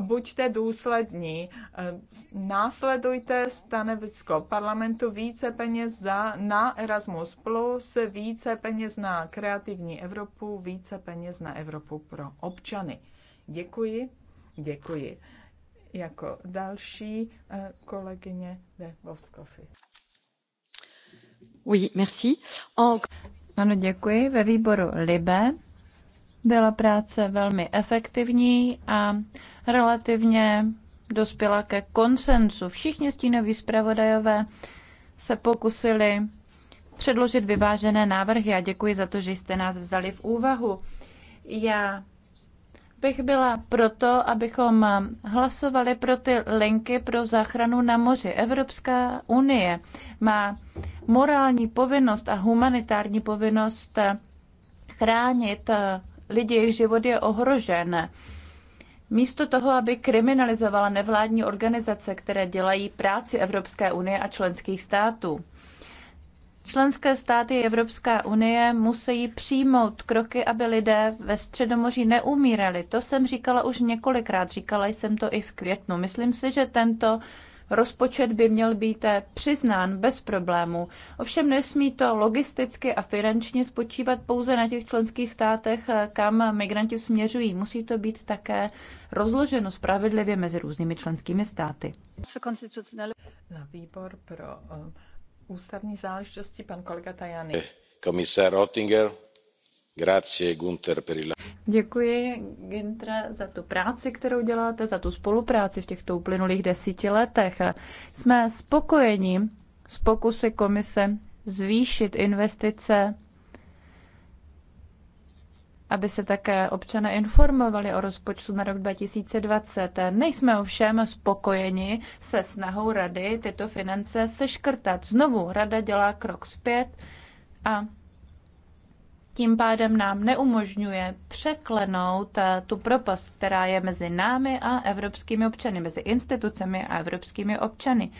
buďte důslední, eh, následujte stanovisko parlamentu více peněz za, na Erasmus+, plus, více peněz na kreativní Evropu, více peněz na Evropu pro občany. Děkuji, děkuji. Jako další eh, kolegyně de Voskofi. Oui, merci. En... Ano, děkuji. Ve výboru Libe byla práce velmi efektivní a relativně dospěla ke konsensu. Všichni stínoví zpravodajové se pokusili předložit vyvážené návrhy. a děkuji za to, že jste nás vzali v úvahu. Já bych byla proto, abychom hlasovali pro ty linky pro záchranu na moři. Evropská unie má morální povinnost a humanitární povinnost chránit lidi, jejich život je ohrožen. Místo toho, aby kriminalizovala nevládní organizace, které dělají práci Evropské unie a členských států. Členské státy Evropské unie musí přijmout kroky, aby lidé ve Středomoří neumírali. To jsem říkala už několikrát, říkala jsem to i v květnu. Myslím si, že tento Rozpočet by měl být eh, přiznán bez problémů. Ovšem nesmí to logisticky a finančně spočívat pouze na těch členských státech, eh, kam migranti směřují. Musí to být také rozloženo spravedlivě mezi různými členskými státy. Na výbor pro eh, ústavní záležitosti pan kolega Tajany. Komisar Oettinger, Děkuji, Gintre, za tu práci, kterou děláte, za tu spolupráci v těchto uplynulých desíti letech. Jsme spokojeni s pokusy komise zvýšit investice, aby se také občané informovali o rozpočtu na rok 2020. Nejsme ovšem spokojeni se snahou rady tyto finance seškrtat. Znovu rada dělá krok zpět a tím pádem nám neumožňuje překlenout eh, tu propast, která je mezi námi a evropskými občany, mezi institucemi a evropskými občany.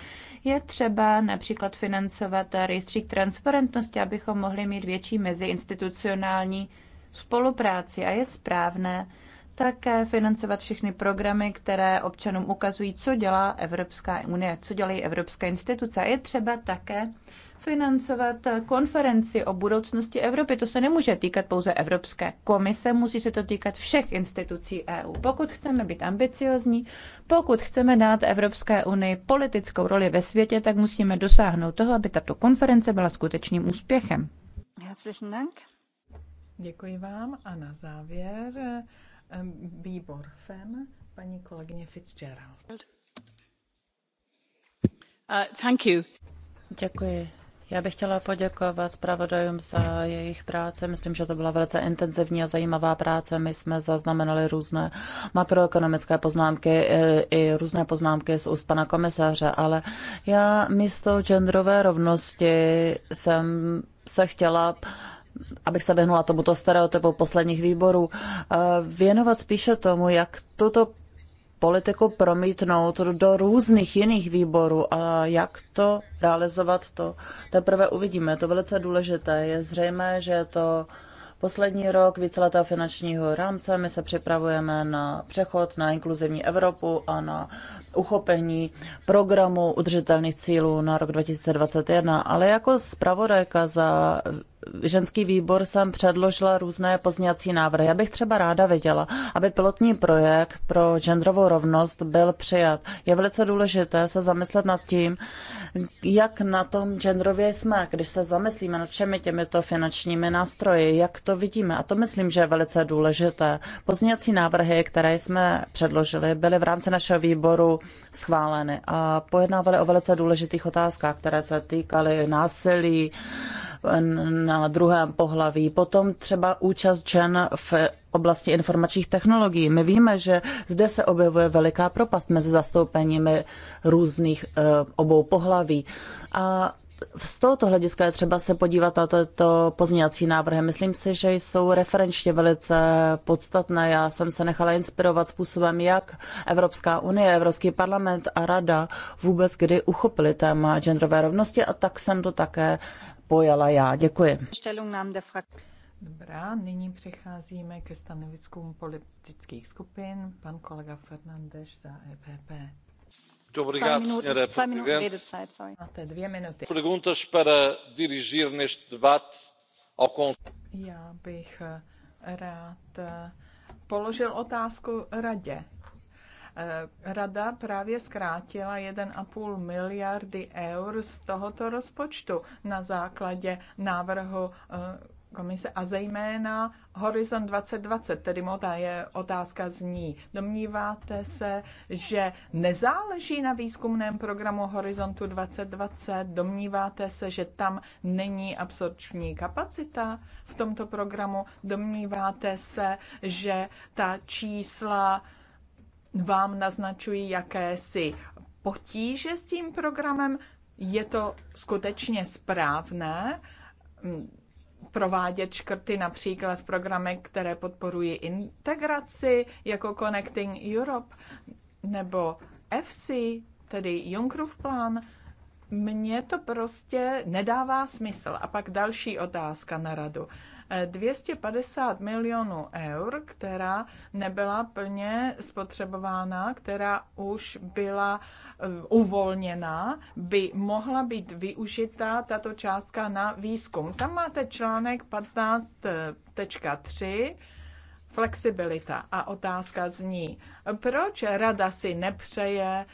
Je třeba například financovat rejstřík transparentnosti, abychom mohli mít větší meziinstitucionální spolupráci a je správné také financovat všechny programy, které občanům ukazují, co dělá Evropská unie, co dělají evropské instituce. je třeba také financovat konferenci o budoucnosti Evropy. To se nemůže týkat pouze Evropské komise, musí se to týkat všech institucí EU. Pokud chceme být ambiciozní, pokud chceme dát Evropské unii politickou roli ve světě, tak musíme dosáhnout toho, aby tato konference byla skutečným úspěchem. Herzlichen Dank. Děkuji vám a na závěr výbor FEM, paní kolegyně Fitzgerald. Uh, thank you. Děkuji. Já bych chtěla poděkovat zpravodajům za jejich práce. Myslím, že to byla velice intenzivní a zajímavá práce. My jsme zaznamenali různé makroekonomické poznámky e, i různé poznámky z úst pana komisaře, ale já místo genderové rovnosti jsem se chtěla abych se vyhnula tomuto stereotypu posledních výborů, e, věnovat spíše tomu, jak tuto politiku promítnout do různých jiných výborů a jak to realizovat, to teprve uvidíme. Je to velice důležité. Je zřejmé, že to poslední rok víceletého finančního rámce. My se připravujeme na přechod na inkluzivní Evropu a na uchopení programu udržitelných cílů na rok 2021. Ale jako zpravodajka za ženský výbor jsem předložila různé pozněcí návrhy. Já bych třeba ráda viděla, aby pilotní projekt pro genderovou rovnost byl přijat. Je velice důležité se zamyslet nad tím, jak na tom genderově jsme, když se zamyslíme nad všemi těmito finančními nástroji, jak to vidíme. A to myslím, že je velice důležité. Pozměňovací návrhy, které jsme předložili, byly v rámci našeho výboru schváleny a pojednávaly o velice důležitých otázkách, které se týkaly násilí na druhém pohlaví. Potom třeba účast žen v oblasti informačních technologií. My víme, že zde se objevuje veliká propast mezi zastoupeními různých eh, obou pohlaví. A z tohoto hlediska je třeba se podívat na tyto pozměňovací návrhy. Myslím si, že jsou referenčně velice podstatné. Já jsem se nechala inspirovat způsobem, jak Evropská unie, Evropský parlament a Rada vůbec kdy uchopili téma genderové rovnosti a tak jsem to také pojala já. Děkuji. Dobrá, nyní přecházíme ke stanoviskům politických skupin. Pan kolega Fernandeš za EPP. Já bych eh, rád eh, položil otázku radě. Eh, rada právě zkrátila 1,5 miliardy eur z tohoto rozpočtu na základě návrhu komise a zejména Horizon 2020, tedy moda je otázka z ní. Domníváte se, že nezáleží na výzkumném programu Horizontu 2020? Domníváte se, že tam není absorpční kapacita v tomto programu? Domníváte se, že ta čísla vám naznačují jakési potíže s tím programem? Je to skutečně správné? provádět škrty například v programech, které podporují integraci, jako Connecting Europe nebo FC, tedy Junckerův plán, mně to prostě nedává smysl. A pak další otázka na radu. 250 milionů eur, která nebyla plně spotřebována, která už byla eh, uvolněná, by mohla být využita tato částka na výzkum. Tam máte článek 15.3 flexibilita. A otázka zní, proč rada si nepřeje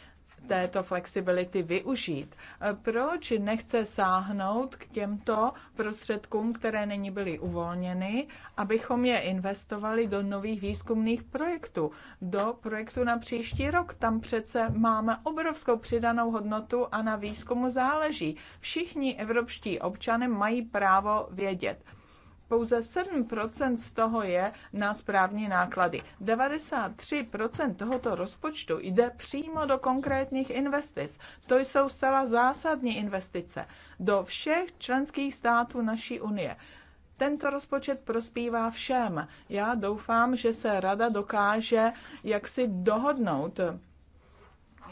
této flexibility využít. Eh, proč nechce sáhnout k těmto prostředkům, které není byly uvolněny, abychom je investovali do nových výzkumných projektů, do projektu na příští rok. Tam přece máme obrovskou přidanou hodnotu a na výzkumu záleží. Všichni evropští občané mají právo vědět pouze 7% z toho je na správní náklady. 93% tohoto rozpočtu jde přímo do konkrétních investic. To jsou zcela zásadní investice do všech členských států naší unie. Tento rozpočet prospívá všem. Já doufám, že se rada dokáže jaksi dohodnout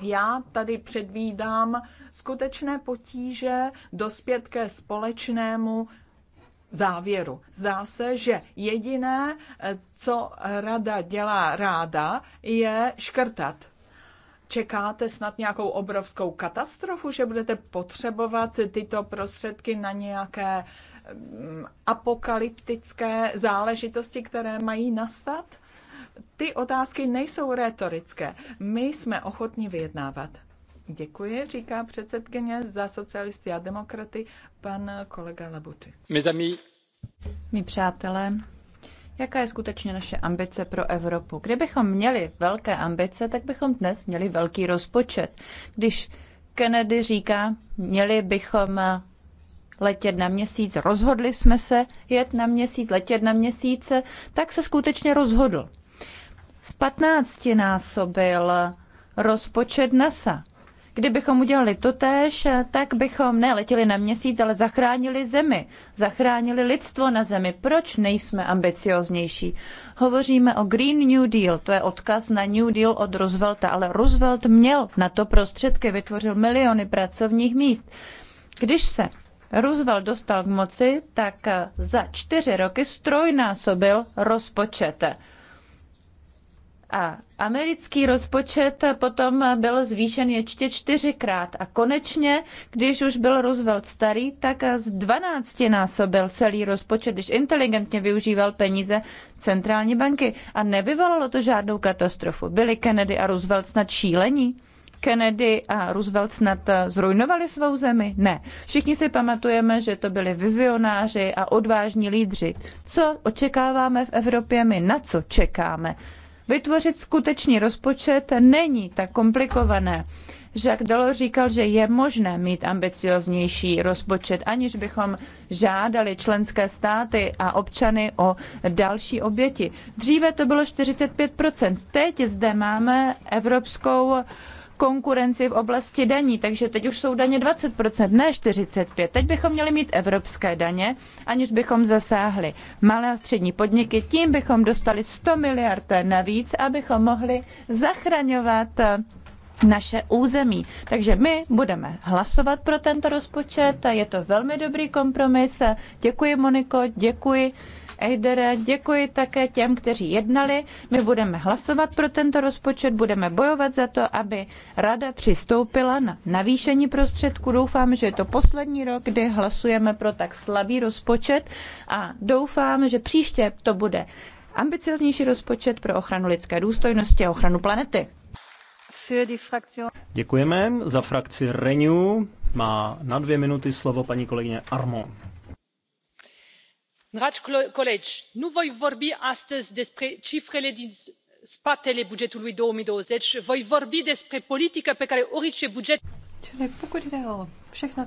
já tady předvídám skutečné potíže dospět ke společnému závěru. Zdá se, že jediné, eh, co rada dělá ráda, je škrtat. Čekáte snad nějakou obrovskou katastrofu, že budete potřebovat tyto prostředky na nějaké mm, apokalyptické záležitosti, které mají nastat? Ty otázky nejsou retorické. My jsme ochotni vyjednávat. Děkuji, říká předsedkyně za socialisty a demokraty, pan kolega Labuty. My zemí. Mí přátelé, jaká je skutečně naše ambice pro Evropu? Kdybychom měli velké ambice, tak bychom dnes měli velký rozpočet. Když Kennedy říká, měli bychom letět na měsíc, rozhodli jsme se jet na měsíc, letět na měsíce, tak se skutečně rozhodl. Z 15 násobil rozpočet NASA. Kdybychom udělali totéž, tak bychom neletěli na měsíc, ale zachránili zemi, zachránili lidstvo na zemi. Proč nejsme ambicioznější? Hovoříme o Green New Deal, to je odkaz na New Deal od Roosevelta, ale Roosevelt měl na to prostředky, vytvořil miliony pracovních míst. Když se Roosevelt dostal k moci, tak za čtyři roky strojnásobil rozpočet. A americký rozpočet potom byl zvýšen ještě čtyřikrát. A konečně, když už byl Roosevelt starý, tak z 12 násobil celý rozpočet, když inteligentně využíval peníze centrální banky. A nevyvolalo to žádnou katastrofu. Byli Kennedy a Roosevelt snad šílení? Kennedy a Roosevelt snad zrujnovali svou zemi? Ne. Všichni si pamatujeme, že to byli vizionáři a odvážní lídři. Co očekáváme v Evropě my? Na co čekáme? Vytvořit skutečný rozpočet není tak komplikované. Jacques Delors říkal, že je možné mít ambicioznější rozpočet, aniž bychom žádali členské státy a občany o další oběti. Dříve to bylo 45%, teď zde máme evropskou konkurenci v oblasti daní, takže teď už jsou daně 20%, ne 45%. Teď bychom měli mít evropské daně, aniž bychom zasáhli malé a střední podniky. Tím bychom dostali 100 miliard navíc, abychom mohli zachraňovat eh, naše území. Takže my budeme hlasovat pro tento rozpočet, je to velmi dobrý kompromis. Děkuji Moniko, děkuji Eidere. Děkuji také těm, kteří jednali. My budeme hlasovat pro tento rozpočet, budeme bojovat za to, aby rada přistoupila na navýšení prostředků. Doufám, že je to poslední rok, kdy hlasujeme pro tak slabý rozpočet a doufám, že příště to bude ambicioznější rozpočet pro ochranu lidské důstojnosti a ochranu planety. Děkujeme. Za frakci Renew má na dvě minuty slovo paní kolegyně Armon dragi colegi nu voi vorbi astăzi despre cifrele din spatele bugetului două mii douăzeci voi vorbi despre politică pe care orice buget. Čili pokud o všechna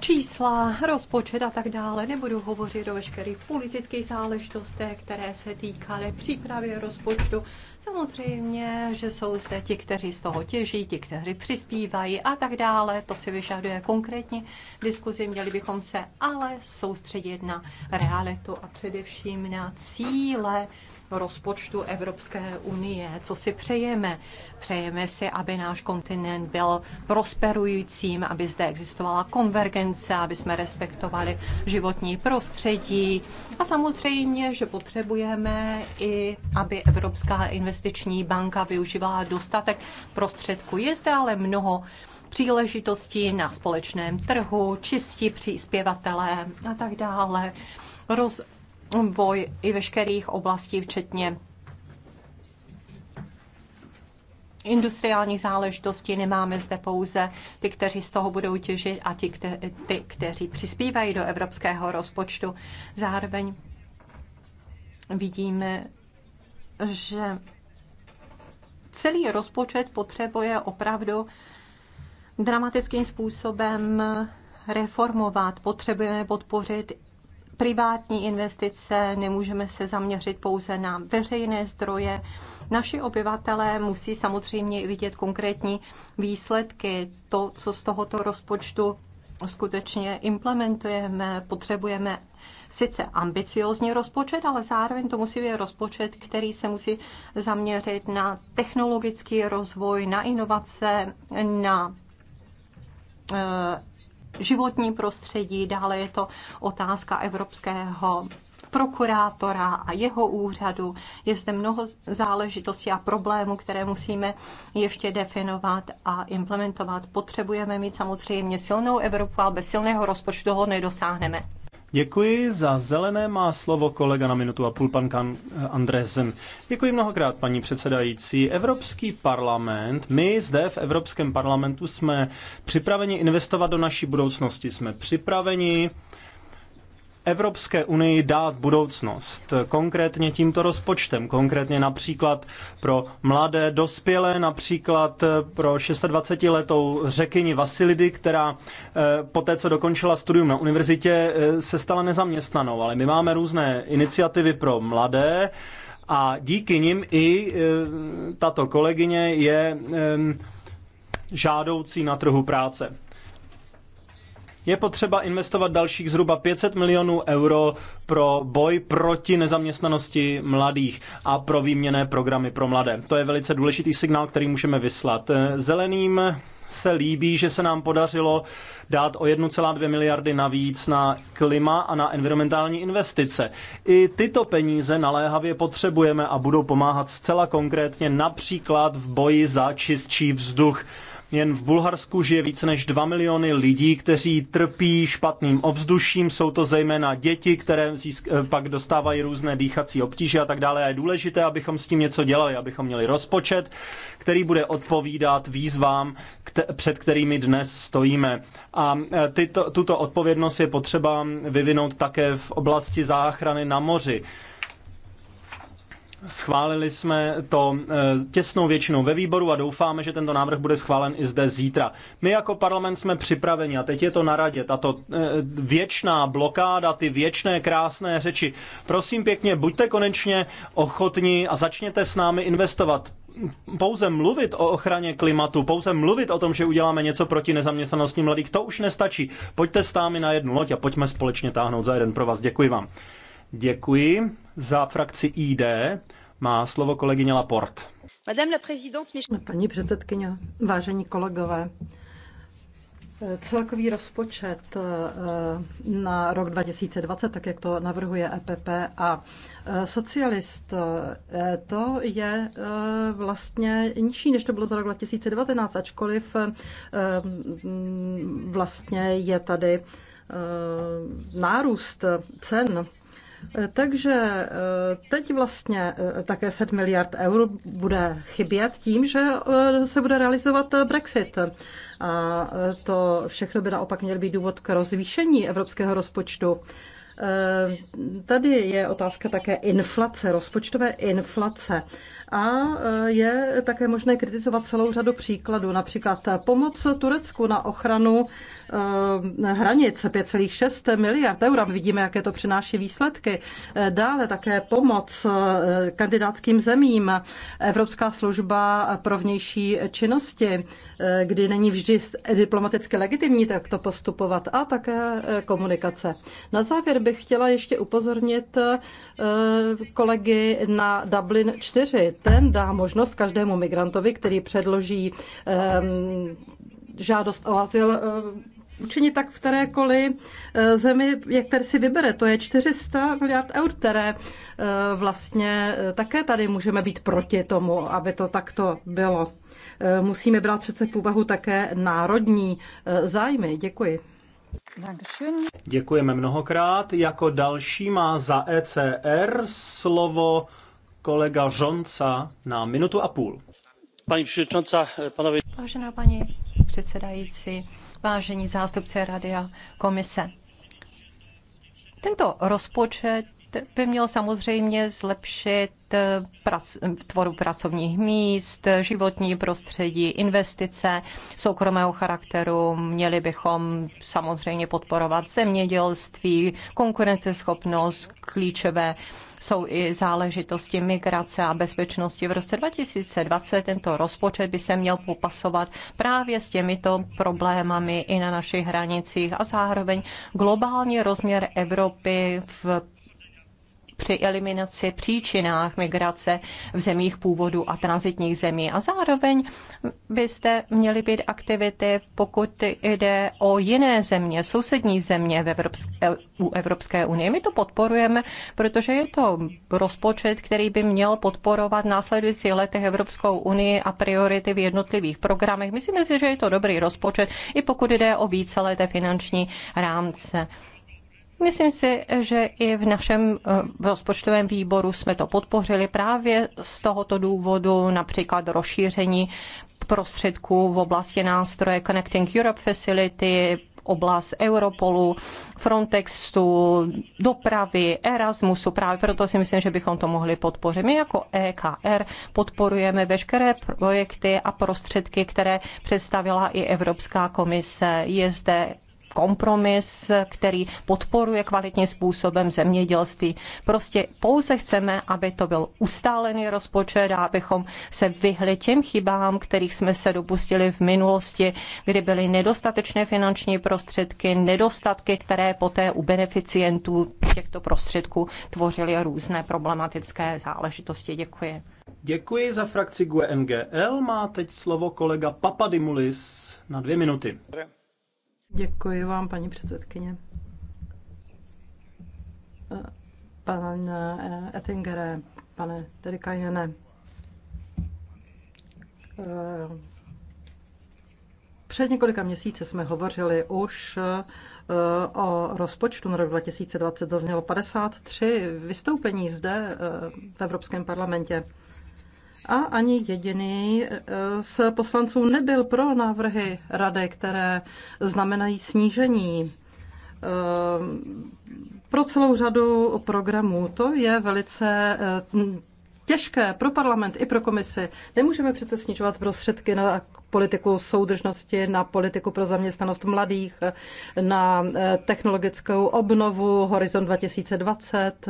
čísla, rozpočet a tak dále. Nebudu hovořit o veškerých politických záležitostech, které se týkaly přípravy rozpočtu. Samozřejmě, že jsou zde ti, kteří z toho těží, ti, kteří přispívají a tak dále. To si vyžaduje konkrétní diskuzi. Měli bychom se ale soustředit na realitu a především na cíle rozpočtu Evropské unie, co si přejeme. Přejeme si, aby náš kontinent byl prosperujícím, aby zde existovala konvergence, aby jsme respektovali životní prostředí a samozřejmě, že potřebujeme i, aby Evropská investiční banka využívala dostatek prostředků. Je zde ale mnoho příležitostí na společném trhu, čistí příspěvatelé a tak dále. Roz, boj i veškerých oblastí, včetně industriálních záležitostí. Nemáme zde pouze ty, kteří z toho budou těžit a ti, kte- ty, kteří přispívají do evropského rozpočtu. Zároveň vidíme, že celý rozpočet potřebuje opravdu dramatickým způsobem reformovat. Potřebujeme podpořit privátní investice, nemůžeme se zaměřit pouze na veřejné zdroje. Naši obyvatelé musí samozřejmě vidět konkrétní výsledky, to, co z tohoto rozpočtu skutečně implementujeme, potřebujeme sice ambiciozní rozpočet, ale zároveň to musí být rozpočet, který se musí zaměřit na technologický rozvoj, na inovace, na eh, životní prostředí, dále je to otázka evropského prokurátora a jeho úřadu. Je zde mnoho záležitostí a problémů, které musíme ještě definovat a implementovat. Potřebujeme mít samozřejmě silnou Evropu, ale bez silného rozpočtu ho nedosáhneme. Děkuji. Za zelené má slovo kolega na minutu a půl, pan kan eh, Andresen. Děkuji mnohokrát, paní předsedající. Evropský parlament, my zde v Evropském parlamentu jsme připraveni investovat do naší budoucnosti. Jsme připraveni Evropské unii dát budoucnost, konkrétně tímto rozpočtem, konkrétně například pro mladé dospělé, například eh, pro 26-letou řekyni Vasilidy, která eh, po té, co dokončila studium na univerzitě, eh, se stala nezaměstnanou. Ale my máme různé iniciativy pro mladé a díky nim i tato kolegyně je žádoucí na trhu práce. Je potřeba investovat dalších zhruba 500 milionů euro pro boj proti nezaměstnanosti mladých a pro výměné programy pro mladé. To je velice důležitý signál, který můžeme vyslat. Zeleným se líbí, že se nám podařilo dát o 1,2 miliardy navíc na klima a na environmentální investice. I tyto peníze naléhavě potřebujeme a budou pomáhat zcela konkrétně například v boji za čistší vzduch. Jen v Bulharsku žije více než 2 miliony lidí, kteří trpí špatným ovzduším. Jsou to zejména děti, které eh, pak dostávají různé dýchací obtíže a tak dále. A je důležité, abychom s tím něco dělali, abychom měli rozpočet, který bude odpovídat výzvám, před kterými dnes stojíme. A eh, tyto, tuto odpovědnost je potřeba vyvinout také v oblasti záchrany na moři. Schválili jsme to eh, těsnou většinou ve výboru a doufáme, že tento návrh bude schválen i zde zítra. My jako parlament jsme připraveni a teď je to na radě, tato eh, věčná blokáda, ty věčné krásné řeči. Prosím pěkně, buďte konečně ochotní a začněte s námi investovat pouze mluvit o ochraně klimatu, pouze mluvit o tom, že uděláme něco proti nezaměstnanosti mladých, to už nestačí. Pojďte s námi na jednu loď a pojďme společně táhnout za jeden pro vás. Děkuji vám. Děkuji za frakci ID. Má slovo kolegyně Laporte. Paní předsedkyně, vážení kolegové, Celkový rozpočet eh, na rok 2020, tak jak to navrhuje EPP a eh, socialist, eh, to je vlastně nižší, než to bylo za rok 2019, ačkoliv mm, vlastně je tady nárůst cen Eh, takže eh, teď vlastně eh, také 7 miliard eur bude chybět tím, že se bude realizovat Brexit. A to všechno by naopak měl být důvod k rozvýšení evropského rozpočtu. Tady je otázka také inflace, rozpočtové inflace. A je také možné kritizovat celou řadu příkladů, například pomoc Turecku na ochranu Eh, hranic 5,6 miliard eur. Vidíme, jaké to přináší výsledky. Eh, dále také pomoc eh, kandidátským zemím, Evropská služba pro vnější činnosti, kdy není vždy diplomaticky legitimní takto postupovat a také komunikace. Na závěr bych chtěla ještě upozornit kolegy na Dublin 4. Ten dá možnost každému migrantovi, který předloží žádost o azyl, učinit tak v kterékoliv eh, zemi, jak tady si vybere. To je 400 miliard eur, které eh, vlastně eh, také tady můžeme být proti tomu, aby to takto bylo. Musíme brát přece v úvahu také národní zájmy. Děkuji. Děkujeme mnohokrát. Jako další má za ECR slovo kolega Žonca na minutu a půl. Paní předsedající, Vážená paní předsedající, vážení zástupci Rady a komise. Tento rozpočet by měl samozřejmě zlepšit eh, prac- tvorbu pracovních míst, životní prostředí, investice soukromého charakteru. Měli bychom samozřejmě podporovat zemědělství, konkurenceschopnost, klíčové jsou i záležitosti migrace a bezpečnosti. V roce 2020 tento rozpočet by se měl popasovat právě s těmito problémami i na našich hranicích a zároveň globální rozměr Evropy v při eliminaci příčinách migrace v zemích původu a transitních zemí. A zároveň byste měli být aktivity, pokud jde o jiné země, sousední země v Evropské, u Evropské unie. My to podporujeme, protože je to rozpočet, který by měl podporovat následující letech Evropskou unii a priority v jednotlivých programech. Myslíme si, že je to dobrý rozpočet, i pokud jde o víceleté finanční rámce. Myslím si, že i v našem eh, rozpočtovém výboru jsme to podpořili právě z tohoto důvodu, například rozšíření prostředků v oblasti nástroje Connecting Europe Facility, oblast Europolu, Frontextu, dopravy, Erasmusu. Právě proto si myslím, že bychom to mohli podpořit. My jako EKR podporujeme veškeré projekty a prostředky, které představila i Evropská komise. Je zde kompromis, který podporuje kvalitním způsobem zemědělství. Prostě pouze chceme, aby to byl ustálený rozpočet a abychom se vyhli těm chybám, kterých jsme se dopustili v minulosti, kdy byly nedostatečné finanční prostředky, nedostatky, které poté u beneficientů těchto prostředků tvořily různé problematické záležitosti. Děkuji. Děkuji za frakci GUE MGL. Má teď slovo kolega Papadimulis na dvě minuty. Dobre. Děkuji vám, paní předsedkyně. Eh, pane eh, Ettingere, pane Terikajene, eh, před několika měsíci jsme hovořili už o rozpočtu na rok 2020. Zaznělo 53 vystoupení zde v Evropském parlamentě a ani jediný eh, z poslanců nebyl pro návrhy rady, které znamenají snížení eh, pro celou řadu programů. To je velice eh, těžké pro parlament i pro komisi. Nemůžeme přece snižovat prostředky na politiku soudržnosti, na politiku pro zaměstnanost mladých, na technologickou obnovu, Horizon 2020,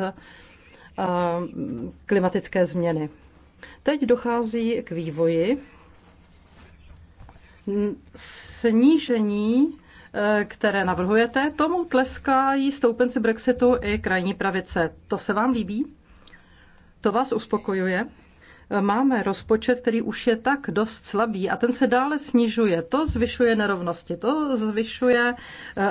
klimatické změny. Teď dochází k vývoji snížení eh, které navrhujete, tomu tleskají stoupenci Brexitu i krajní pravice. To se vám líbí? To vás uspokojuje? Eh, máme rozpočet, který už je tak dost slabý a ten se dále snižuje. To zvyšuje nerovnosti, to zvyšuje eh,